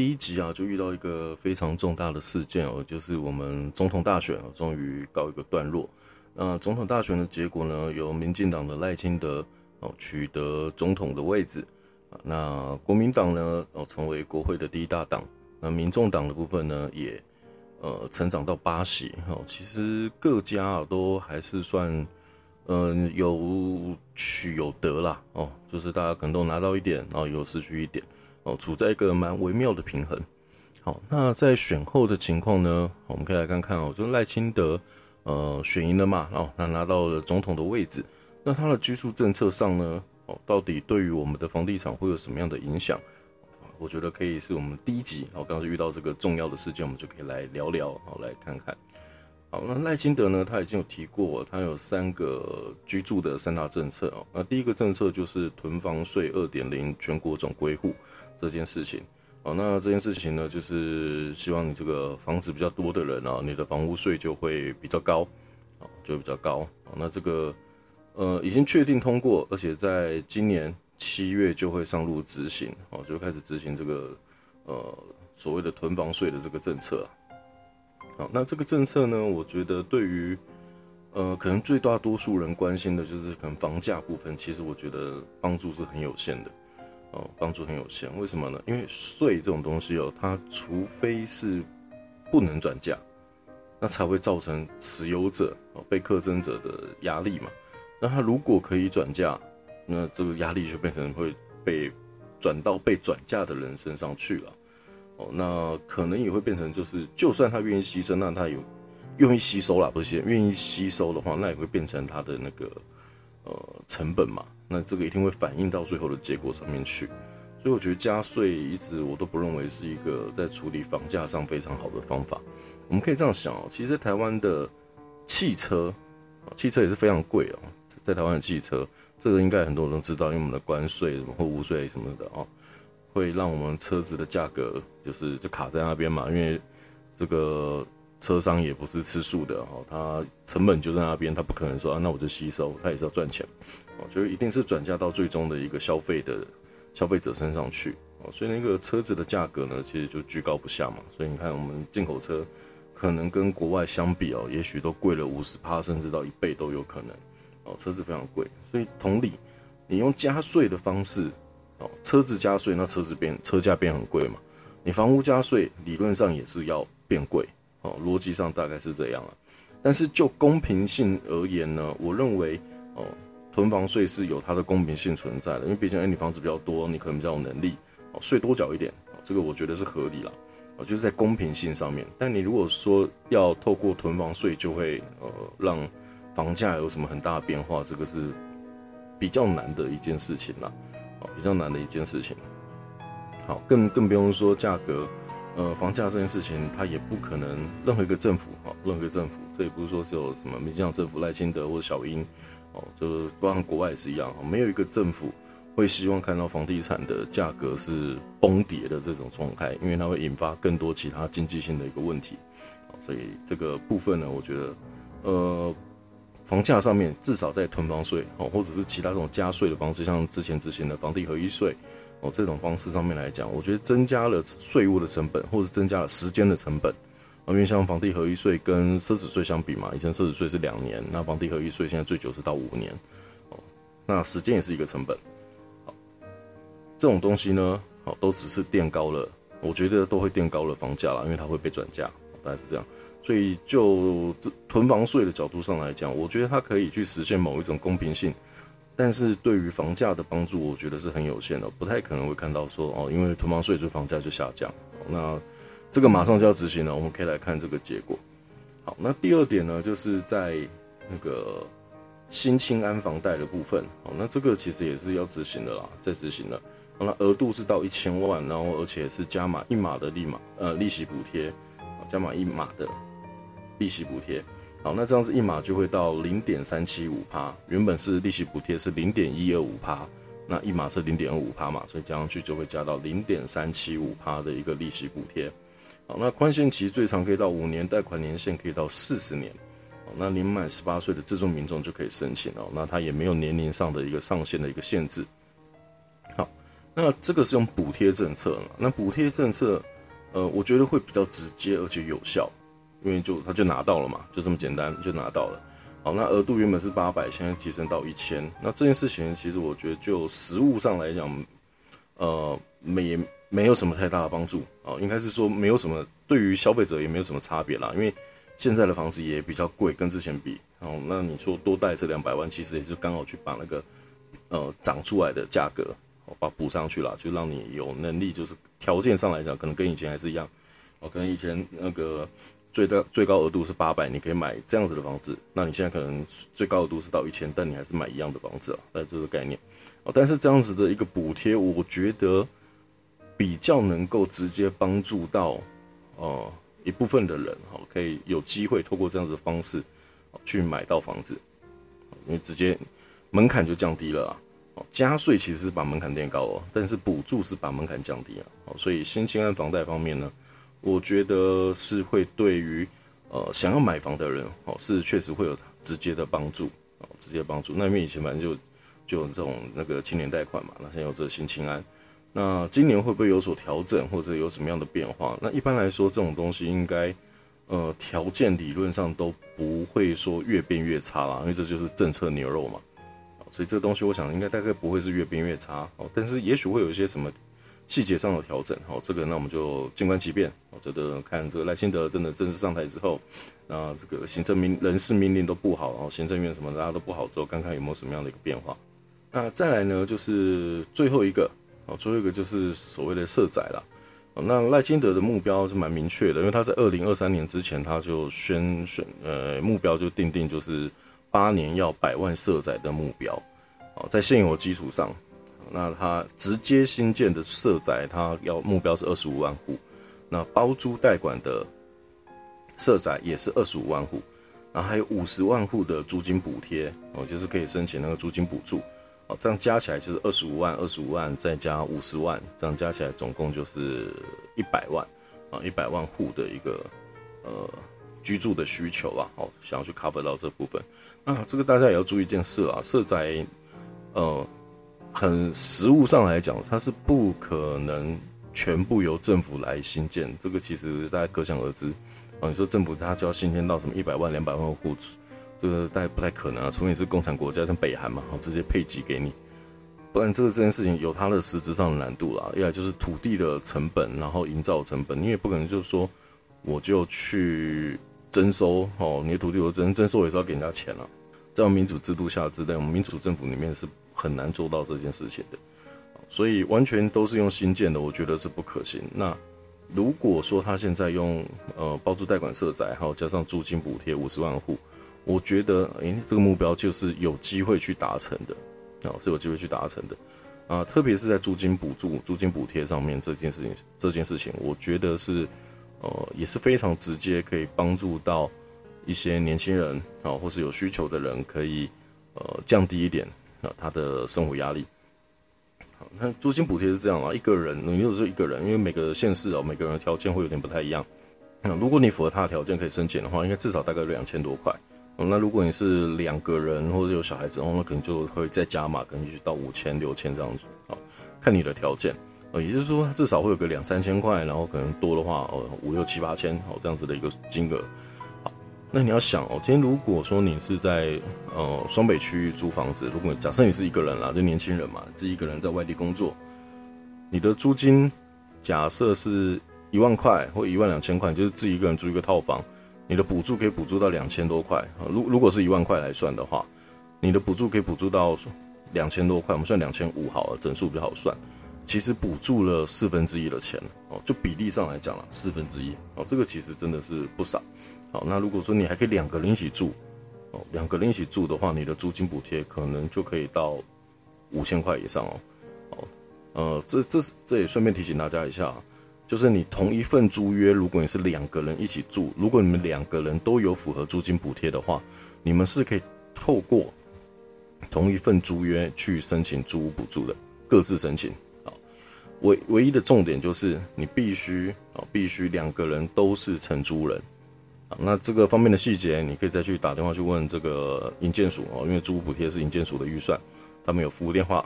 第一集啊，就遇到一個非常重大的事件哦，就是我們總統大選啊，終於告一個段落。那總統大選的結果呢，由民進黨的賴清德哦取得總統的位置，那國民黨呢哦成為國會的第一大黨，那民眾黨的部分呢也呃成長到八席哈、哦。其實各家啊都還是算嗯、呃、有取有得啦哦，就是大家可能都拿到一點，然後有失去一點。處在一個蠻微妙的平衡。好，那在選後的情況呢？我們可以來看看哦、喔，就是賴清德呃選贏了嘛，然、喔、後他拿到了總統的位置，那他的居住政策上呢，哦、喔、到底對於我們的房地產會有什麼樣的影響？我覺得可以是我們第一集，哦剛剛遇到這個重要的事件，我們就可以來聊聊，好、喔、來看看。好，那賴清德呢？他已經有提過，他有三個居住的三大政策哦。那第一個政策就是囤房稅二點零全國總歸戶這件事情。好，那這件事情呢，就是希望你這個房子比較多的人啊，你的房屋稅就會比較高，就會比較高。好，那這個呃已經確定通過，而且在今年七月就會上路執行，哦，就開始執行這個呃所謂的囤房稅的這個政策啊。好，那這個政策呢，我覺得對於，呃，可能最大多數人關心的就是可能房價部分。其實我覺得幫助是很有限的，哦，幫助很有限。為什麼呢？因為稅這種東西哦，它除非是不能轉嫁，那才會造成持有者，喔，被課徵者的壓力嘛。那它如果可以轉嫁，那這個壓力就變成會被轉到被轉嫁的人身上去了。那可能也會變成，就是就算他願意犧牲，那他也願意吸收了，不是願意吸收的話，那也會變成他的那個呃成本嘛。那這個一定會反映到最後的結果上面去。所以我覺得加稅一直我都不認為是一個在處理房價上非常好的方法。我們可以這樣想哦、喔，其實在台灣的汽車，汽車也是非常貴哦、喔，在台灣的汽車，這個應該很多人都知道，因為我們的關稅什麼貨物稅什麼的哦、喔。會讓我們車子的價格就是就卡在那邊嘛，因為這個車商也不是吃素的哦，他成本就在那邊，他不可能說啊，那我就吸收，他也是要賺錢，哦，所以一定是轉嫁到最終的一個消費的消費者身上去哦，所以那個車子的價格呢，其實就居高不下嘛，所以你看我們進口車可能跟國外相比哦，也許都貴了五十趴，甚至到一倍都有可能哦，車子非常貴，所以同理，你用加稅的方式。哦，車子加稅，那車子變車價變很貴嘛。你房屋加稅，理論上也是要變貴哦。喔，邏輯上大概是這樣啊。但是就公平性而言呢，我認為哦、喔，囤房稅是有它的公平性存在的。因為畢竟、欸，你房子比較多，你可能比較有能力哦，喔，稅多繳一點，這個我覺得是合理啦哦、喔，就是在公平性上面。但你如果說要透過囤房稅，就會呃讓房價有什麼很大的變化，這個是比較難的一件事情啦。比較難的一件事情，好，更更不用說價格，呃，房價這件事情，它也不可能任何一個政府哈，任何一個政府，這也不是說是有什麼民進黨政府賴清德或者小英，哦，就是包括國外也是一樣哈，沒有一個政府會希望看到房地產的價格是崩跌的這種狀態，因為它會引發更多其他經濟性的一個問題，好，所以這個部分呢，我覺得，呃。房價上面至少在囤房稅哦，或者是其他這種加稅的方式，像之前執行的房地合一稅哦，這種方式上面來講，我覺得增加了稅務的成本，或者增加了時間的成本。因為像房地合一稅跟奢侈稅相比嘛，以前奢侈稅是兩年，那房地合一稅現在最久是到五年，那時間也是一個成本。好，這種東西呢，好都只是墊高了，我覺得都會墊高了房價了，因為它會被轉嫁，大概是這樣。所以，就這囤房稅的角度上來講，我覺得它可以去實現某一種公平性，但是對於房價的幫助，我覺得是很有限的，不太可能會看到說哦，因為囤房稅，所以房價就下降。那這個馬上就要執行了，我們可以來看這個結果。好，那第二點呢，就是在那個新青安房貸的部分。好，那這個其實也是要執行的啦，在執行的。那額度是到一千萬，然後而且是加碼一碼的利碼，呃，利息補貼加碼一碼的。利息補貼，好，那這樣子一碼就會到零點三七五趴，原本是利息補貼是零點一二五趴，那一碼是零點二五趴嘛，所以加上去就會加到零點三七五趴的一個利息補貼。好，那寬限期最長可以到五年，貸款年限可以到四十年。好，那年滿十八歲的自住民眾就可以申請哦，那他也沒有年齡上的一個上限的一個限制。好，那這個是用補貼政策，那補貼政策，呃，我覺得會比較直接而且有效。因為就他就拿到了嘛，就這麼簡單就拿到了。好，那額度原本是八百，現在提升到一千。那這件事情其實我覺得就實務上來講，呃，沒沒有什麼太大的幫助啊，應該是說沒有什麼對於消費者也沒有什麼差別啦。因為現在的房子也比較貴，跟之前比，好、哦，那你說多貸這兩百萬，其實也是剛好去把那個呃漲出來的價格哦，把補上去了，就讓你有能力，就是條件上來講，可能跟以前還是一樣，哦，可能以前那個。最大最高額度是八百，你可以買這樣子的房子。那你現在可能最高額度是到一千，但你還是買一樣的房子啊，那這個概念。但是這樣子的一個補貼，我覺得比較能夠直接幫助到哦、呃、一部分的人可以有機會透過這樣子的方式去買到房子，因為直接門檻就降低了啊。加稅其實是把門檻變高了，但是補助是把門檻降低了。哦，所以新青安房貸方面呢？我覺得是會對於，呃，想要買房的人，哦、喔，是確實會有直接的幫助，哦、喔，直接幫助。那因為以前反正就就有這種那個青年貸款嘛，那現在有這個新青安，那今年會不會有所調整或者有什麼樣的變化？那一般來說這種東西應該，呃，條件理論上都不會說越變越差啦，因為這就是政策牛肉嘛，所以這個東西我想應該大概不會是越變越差，哦、喔，但是也許會有一些什麼。細節上的調整，好，這個那我們就靜觀其變。我覺得看這個賴清德真的正式上台之後，那這個行政命人事命令都不好，然後行政院什麼大家都不好之後，看看有沒有什麼樣的一個變化。那再來呢，就是最後一個，好，最後一個就是所謂的社宅了。那賴清德的目標是蠻明確的，因為他在二零二三年之前他就宣選，呃，目標就定定就是八年要百萬社宅的目標，好，在現有基礎上。那它直接新建的社宅，它要目標是二十五萬戶，那包租代管的社宅也是二十五萬戶，然後還有五十萬戶的租金補貼，哦，就是可以申請那個租金補助，哦，這樣加起來就是二十五萬、二十五萬，再加五十萬，這樣加起來總共就是一百萬，啊，一百萬戶的一個呃居住的需求吧，哦，想要去 cover 到這部分。那這個大家也要注意一件事啊，社宅，呃。很實務上來講，它是不可能全部由政府來新建，這個其實大家可想而知啊、哦。你說政府它就要新建到什麼一百萬、兩百萬戶這個大家不太可能啊。除非你是共產國家像北韓嘛，哦，直接配給給你，不然這個這件事情有它的實質上的難度啦。一來就是土地的成本，然後營造成本，你也不可能就是說我就去徵收哦，你的土地我徵徵收我也是要給人家錢啊。在我們民主制度下之內，在我們民主政府裡面是，很難做到這件事情的，所以完全都是用新建的，我覺得是不可行。那如果說他現在用呃，包租代管社宅，還有加上租金補貼五十萬戶，我覺得哎、欸，這個目標就是有機會去達成的，啊、呃，是有機會去達成的啊、呃。特別是在租金補助、租金補貼上面這件事情，這件事情我覺得是呃，也是非常直接可以幫助到一些年輕人啊、呃，或是有需求的人可以呃，降低一點。啊，他的生活壓力，好，那租金補貼是這樣啊，一個人，你如果是一個人，因為每個縣市哦、啊，每個人的條件會有點不太一樣，那、嗯、如果你符合他的條件可以申請的話，應該至少大概兩千多塊、嗯，那如果你是兩個人或者有小孩子哦，那可能就會再加碼，可能就到五千、六千這樣子啊、嗯，看你的條件、嗯、也就是說，他至少會有個兩三千塊，然後可能多的話，呃、嗯，五六七八千好、嗯、這樣子的一個金額。那你要想哦，今天如果說你是在呃雙北區租房子，如果假設你是一個人啦，就年輕人嘛，自己一個人在外地工作，你的租金假設是一萬塊或一萬兩千塊，就是自己一個人租一個套房，你的補助可以補助到兩千多塊。如果如果是一萬塊來算的話，你的補助可以補助到兩千多塊，我們算兩千五好了，整數比較好算。其實補助了四分之一的錢哦，就比例上來講了四分之一哦，這個其實真的是不少。好，那如果說你還可以兩個人一起住哦，兩個人一起住的話，你的租金補貼可能就可以到五千塊以上哦。好，呃，這這是這也順便提醒大家一下，就是你同一份租約，如果你是兩個人一起住，如果你們兩個人都有符合租金補貼的話，你們是可以透過同一份租約去申請租屋補助的，各自申請。好，唯唯一的重點就是你必須啊、哦，必須兩個人都是承租人。那這個方面的細節，你可以再去打電話去問這個營建署哦，因為租屋補貼是營建署的預算，他們有服務電話。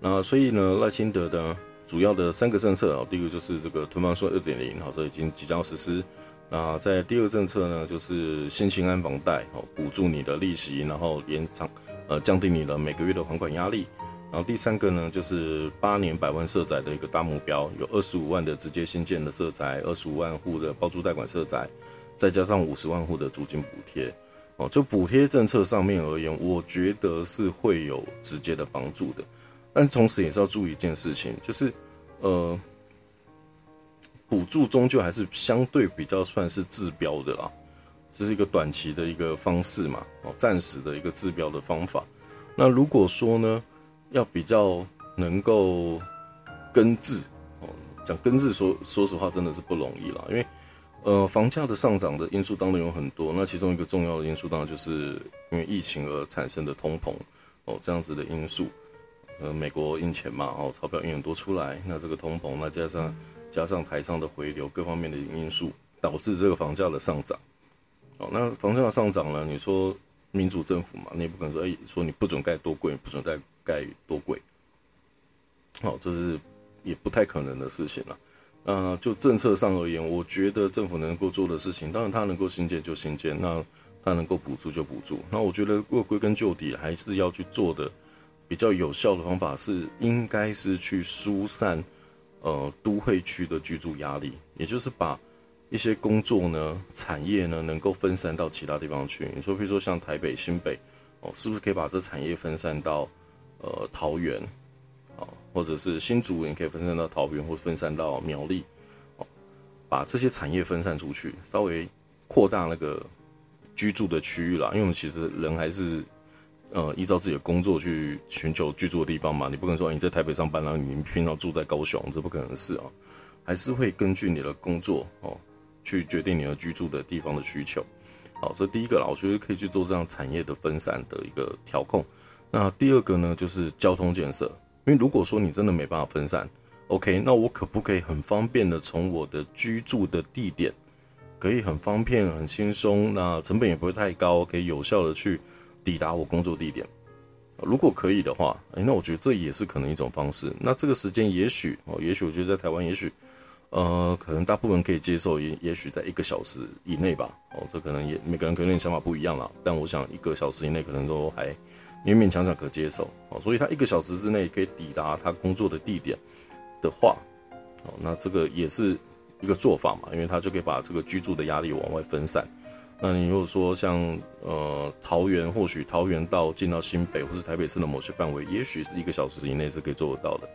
那所以呢，賴清德的主要的三個政策哦，第一個就是這個囤房稅二點零，好，這已經即將實施。那在第二個政策呢，就是新青安房貸哦，補助你的利息，然後延長呃，降低你的每個月的還款壓力。然後第三個呢，就是八年百萬社宅的一個大目標，有二十五萬的直接新建的社宅，二十五萬戶的包租代管社宅。再加上五十萬戶的租金補貼，哦，就補貼政策上面而言，我覺得是會有直接的幫助的。但是同時也是要注意一件事情，就是，呃，補助終究還是相對比較算是治標的啦，這是一個短期的一個方式嘛，哦，暫時的一個治標的方法。那如果說呢，要比較能夠根治，哦，講根治說說實話真的是不容易啦，因為。呃，房價的上漲的因素當然有很多，那其中一個重要的因素當然就是因為疫情而產生的通膨哦，這樣子的因素，呃，美國印錢嘛，哦，鈔票印很多出來，那這個通膨，那加上加上台商的回流各方面的因素，導致這個房價的上漲。哦，那房價上漲了，你說民主政府嘛，你也不可能說，哎、欸，你說你不准蓋多貴，你不准再蓋多貴，好、哦，這是也不太可能的事情了。呃，就政策上而言，我覺得政府能夠做的事情，當然他能夠新建就新建，那他能夠補助就補助。那我覺得，如果歸根究底，還是要去做的比較有效的方法是，應該是去疏散呃都會區的居住壓力，也就是把一些工作呢、產業呢，能夠分散到其他地方去。你說，比如說像台北、新北，哦、呃，是不是可以把這產業分散到呃桃園？或者是新竹，也可以分散到桃園，或分散到苗栗，哦，把這些產業分散出去，稍微擴大那個居住的區域啦。因為我們其實人還是，呃，依照自己的工作去尋求居住的地方嘛。你不可能說你在台北上班，然後你平常住在高雄，這不可能的事啊、哦。還是會根據你的工作哦，去決定你的居住的地方的需求。好、哦，這第一個啦，我覺得可以去做這樣產業的分散的一個調控。那第二個呢，就是交通建設。因為如果說你真的沒辦法分散，OK，那我可不可以很方便的從我的居住的地點，可以很方便、很輕鬆，那成本也不會太高，可以有效的去抵達我工作地點？如果可以的話，欸，那我覺得這也是可能一種方式。那這個時間也許哦，也許我覺得在台灣，也許呃，可能大部分可以接受也，也也許在一個小時以內吧。哦、喔，這可能也每個人可能想法不一樣啦，但我想一個小時以內可能都還。勉勉強強可接受，好，所以他一個小時之內可以抵達他工作的地點的話，好，那這個也是一個做法嘛，因為他就可以把這個居住的壓力往外分散。那你如果說像呃桃園，或許桃園到進到新北或是台北市的某些範圍，也許是一個小時以內是可以做得到的。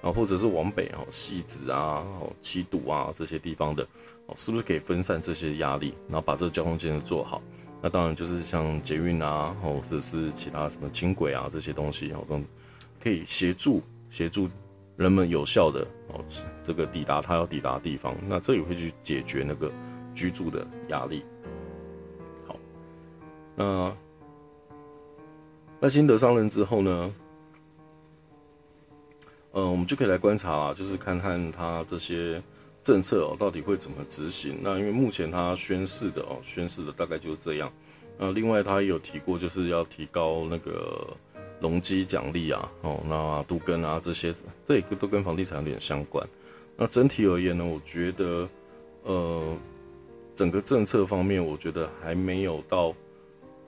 然後或者是往北，哦，汐止啊，哦、啊，七堵啊這些地方的，哦，是不是可以分散這些壓力，然後把這個交通建設做好？那當然就是像捷運啊，或者是其他什麼輕軌啊這些東西，好像可以協助協助人們有效的哦，這個抵達他要抵達的地方。那這也會去解決那個居住的壓力。好，那那清德上任之後呢？嗯、呃，我們就可以來觀察、啊，就是看看他這些。政策哦，到底會怎麼執行？那因為目前他宣示的哦，宣示的大概就是這樣。那另外他也有提過，就是要提高那個容積獎勵啊，哦，那都更啊這些，這也都跟房地產有點相關。那整體而言呢，我覺得，呃，整個政策方面，我覺得還沒有到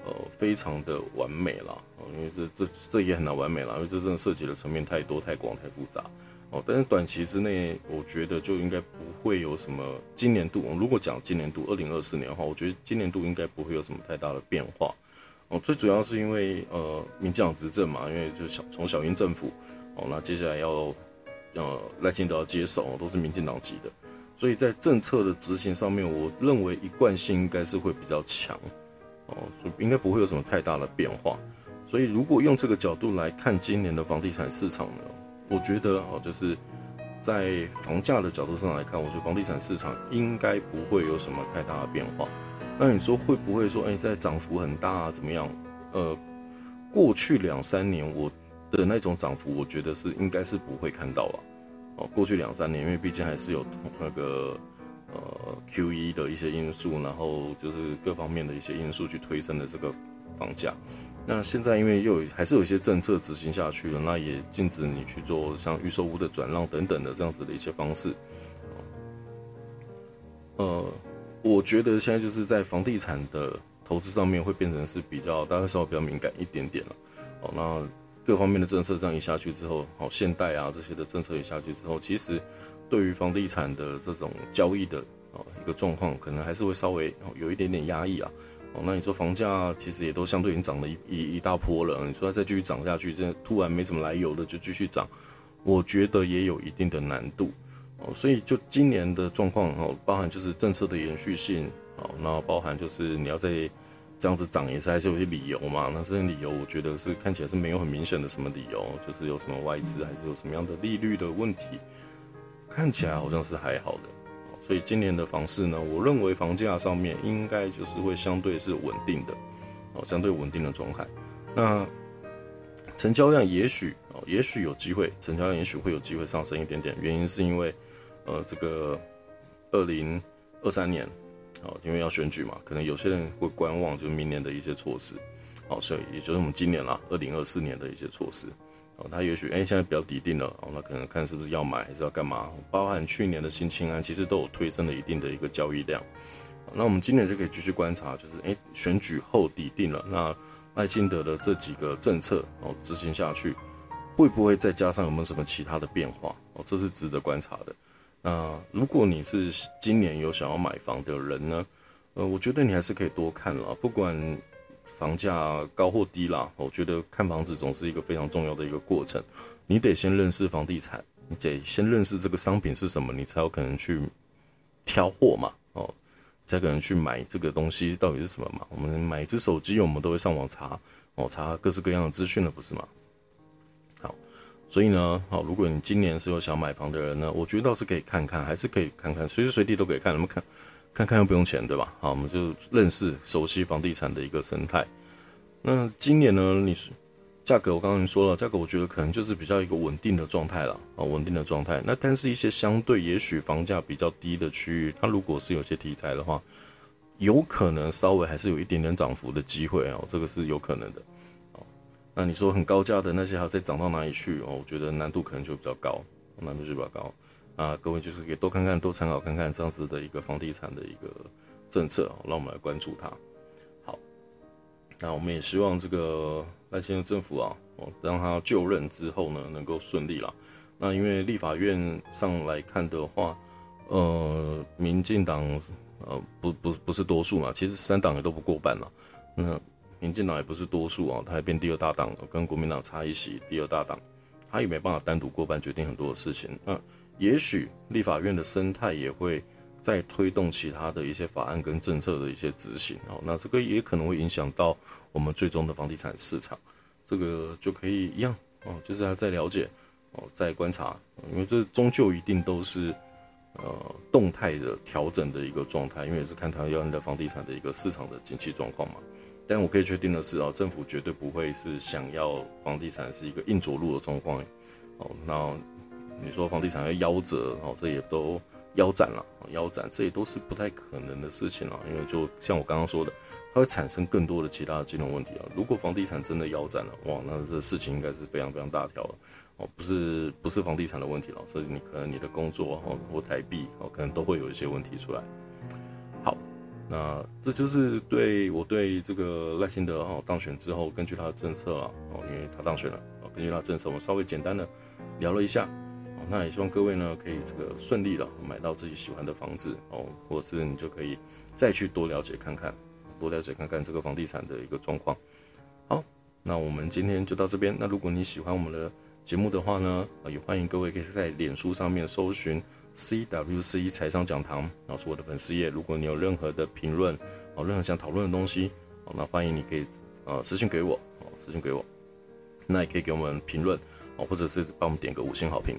呃非常的完美啦，因為這這這也很難完美啦，因為這真的涉及的層面太多、太廣、太複雜。哦，但是短期之內，我覺得就應該不會有什麼。今年度，我如果講今年度二零二四年的話，我覺得今年度應該不會有什麼太大的變化。哦，最主要是因為呃，民進黨執政嘛，因為就小從小英政府，哦，那接下來要呃賴清德要接手，都是民進黨籍的，所以在政策的執行上面，我認為一貫性應該是會比較強。哦，所以應該不會有什麼太大的變化。所以如果用這個角度來看今年的房地產市場呢？我覺得哦，就是在房價的角度上來看，我覺得房地產市場應該不會有什麼太大的變化。那你說會不會說，哎，在漲幅很大啊怎麼樣？呃，過去兩三年我的那種漲幅，我覺得是應該是不會看到了。哦，過去兩三年，因為畢竟還是有那個呃 QE 的一些因素，然後就是各方面的一些因素去推升的這個。房價，那現在因為又有還是有一些政策執行下去了，那也禁止你去做像預售屋的轉讓等等的這樣子的一些方式。呃，我覺得現在就是在房地產的投資上面會變成是比較，大家稍微比較敏感一點點了。哦，那各方面的政策這樣一下去之後，好限貸啊這些的政策一下去之後，其實對於房地產的這種交易的呃一個狀況，可能還是會稍微有一點點壓抑啊。哦，那你說房價其實也都相對已經漲了一一一大波了。你說它再繼續漲下去，這突然沒什麼來由的就繼續漲，我覺得也有一定的難度。哦，所以就今年的狀況，哦，包含就是政策的延續性，哦，然後包含就是你要再這樣子漲也是還是有些理由嘛。那這些理由，我覺得是看起來是沒有很明顯的什麼理由，就是有什麼外資還是有什麼樣的利率的問題，看起來好像是還好的。所以今年的房市呢，我認為房價上面應該就是會相對是穩定的，哦，相對穩定的狀態。那成交量也許哦，也許有機會，成交量也許會有機會上升一點點。原因是因為，呃，這個二零二三年，哦，因為要選舉嘛，可能有些人會觀望，就是明年的一些措施，哦，所以也就是我們今年啦，二零二四年的一些措施。哦、他也許哎、欸，現在比較底定了，哦、那可能看是不是要買還是要幹嘛？包含去年的新青安，其實都有推升了一定的一個交易量。哦、那我們今年就可以繼續觀察，就是哎、欸，選舉後底定了，那賴清德的這幾個政策哦執行下去，會不會再加上有沒有什麼其他的變化哦？這是值得觀察的。那如果你是今年有想要買房的人呢，呃，我覺得你還是可以多看了，不管。房價高或低啦，我覺得看房子總是一個非常重要的一個過程。你得先認識房地產，你得先認識這個商品是什麼，你才有可能去挑貨嘛，哦，才可能去買這個東西到底是什麼嘛。我們買一隻手機，我們都會上網查，我、哦、查各式各樣的資訊了，不是嗎？好，所以呢，好、哦，如果你今年是有想買房的人呢，我覺得倒是可以看看，還是可以看看，隨時隨地都可以看，怎麼看？看看又不用錢，對吧？好，我們就認識、熟悉房地產的一個生態。那今年呢？你是價格，我剛剛已經說了，價格我覺得可能就是比較一個穩定的狀態了啊，哦，穩定的狀態。那但是，一些相對也許房價比較低的區域，它如果是有些題材的話，有可能稍微還是有一點點漲幅的機會啊、哦，這個是有可能的啊、哦。那你說很高價的那些，它再漲到哪裡去哦，我覺得難度可能就比較高，難度就比較高。啊，各位就是可以多看看，多參考看看這樣子的一個房地產的一個政策，哦、讓我們來關注它。好，那我們也希望這個賴清德政府啊，哦，讓他就任之後呢，能夠順利啦。那因為立法院上來看的話，呃，民進黨呃不不不是多數嘛，其實三黨也都不過半了那、嗯、民進黨也不是多數啊，它還變第二大黨，跟國民黨差一席，第二大黨。他也沒辦法單獨過半，決定很多的事情。那也許立法院的生態也會在推動其他的一些法案跟政策的一些執行。哦，那這個也可能會影響到我們最終的房地產市場。這個就可以一樣哦，就是還在了解哦，在觀察，因為這終究一定都是呃動態的調整的一個狀態，因為也是看他要按照房地產的一個市場的景氣狀況嘛。但我可以確定的是啊，政府絕對不會是想要房地產是一個硬着陸的狀況，哦，那你說房地產要夭折，這也都腰斬了，腰斬，這也都是不太可能的事情了，因為就像我剛剛說的，它會產生更多的其他的金融問題啊。如果房地產真的腰斬了，哇，那這事情應該是非常非常大條了，哦，不是不是房地產的問題了，所以你可能你的工作或台幣可能都會有一些問題出來。那這就是對我對這個賴清德哦當選之後，根據他的政策啊，哦，因為他當選了啊，根據他的政策，我們稍微簡單的聊了一下，那也希望各位呢可以這個順利的買到自己喜歡的房子哦，或者是你就可以再去多了解看看，多了解看看這個房地產的一個狀況。好，那我們今天就到這邊。那如果你喜歡我們的，節目的話呢，也歡迎各位可以在臉書上面搜尋 CWC 財商講堂，那是我的粉絲頁。如果你有任何的評論，哦，任何想討論的東西，那歡迎你可以呃私信給我，哦，私信給我。那也可以給我們評論，或者是幫我們點個五星好評，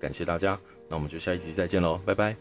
感謝大家。那我們就下一集再見嘍，拜拜。